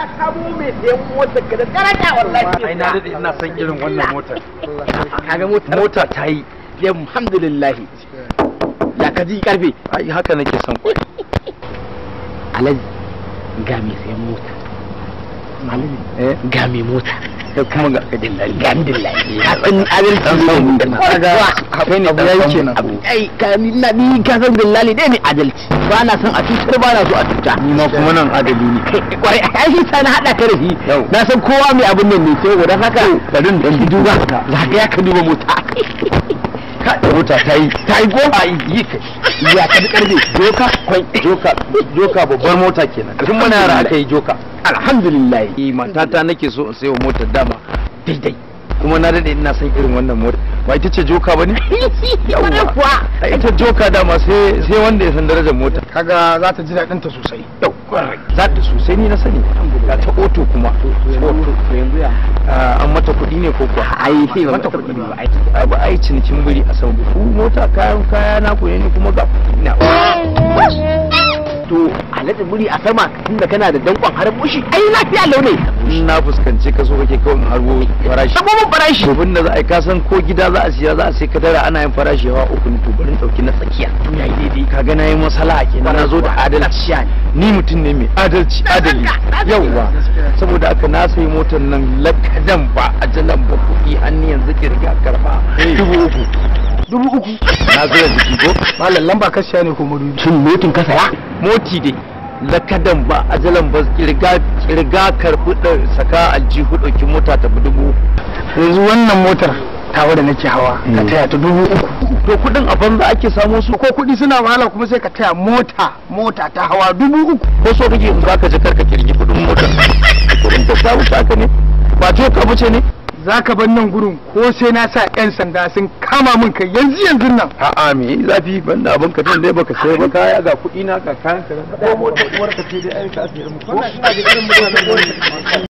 ya samu mai sayan motar ka da daraja wallahi dade ina san irin wannan motar kaga motar mota ta yi alhamdulillah ya ka ji karfe ai haka nake son kwai alaji ga mai sayan mota malami eh? ga mai mota sai kuma ga dillahi ga dillahi abin abin san san ga abu ne da yake nan ai ka ni na ni ka san dillahi dai ne adalci ba na san a tutar ba na so a tuta ni ma kuma nan adali ne kwarai ai shi sai na hada ka da shi na san kowa mai abin nan ne sai gudan haka garin da duba za ka ya ka duba mota ka ruta ta yi ta yi goma yi kai ya ka karbe joka kwai joka joka babbar mota kenan tun muna yara aka yi joka alhamdulillah matata nake so in sayo mota dama daidai kuma na dade ina son irin wannan mota ba ita ce joka bane yawa ita joka dama sai sai wanda ya san darajar mota kaga za ta ji dadin ta sosai yau za ta sosai ni na sani ga ta oto kuma yanzu ya ah, an mata kuɗi ne ko kuwa ai ba mata ba ai ba ai cinikin biri a sau mota kayan kaya na ku ne kuma ga ina to alhaji buri a sama tunda kana da dankon har bushi ai lafiya launi na fuskanci kaso kake kawai harbo farashi ta goma farashi domin da za a ka san ko gida za a siya za a sai kadara ana yin farashi yawa uku ne to bari dauki na tsakiya to yayi daidai ka ga nayi masala kenan na zo da adalci ni mutum ne mai adalci adali yauwa saboda aka na sayi motar nan lakadan ba ajalan ba kuɗi hannu yanzu riga karba dubu uku dubu uku na zo yanzu ko malam lamba ka ne ko madubi shin motin ka saya moti dai lakadan ba ajalan ba kirga kirga karbi da saka aljihu dauki mota ta dubu yanzu wannan motar tawa da nake hawa ka mm. taya ta dubu uku to kudin a banza ake samo su ko kudi suna wahala kuma sai ka taya mota mota ta hawa dubu uku ko so kake in baka jakar ka kirgi kudin motar. kudin ta samu haka ne ba to ka buce ne za ka ban nan gurin ko sai na sa 'yan sanda sun kama min kai yanzu yanzu nan a'a me zafi ban na abin ka dai baka sai ba kaya ga kuɗi na ka kayan ka ko motar uwar ka ce dai ai ka asiri mu ko ina da irin mutanen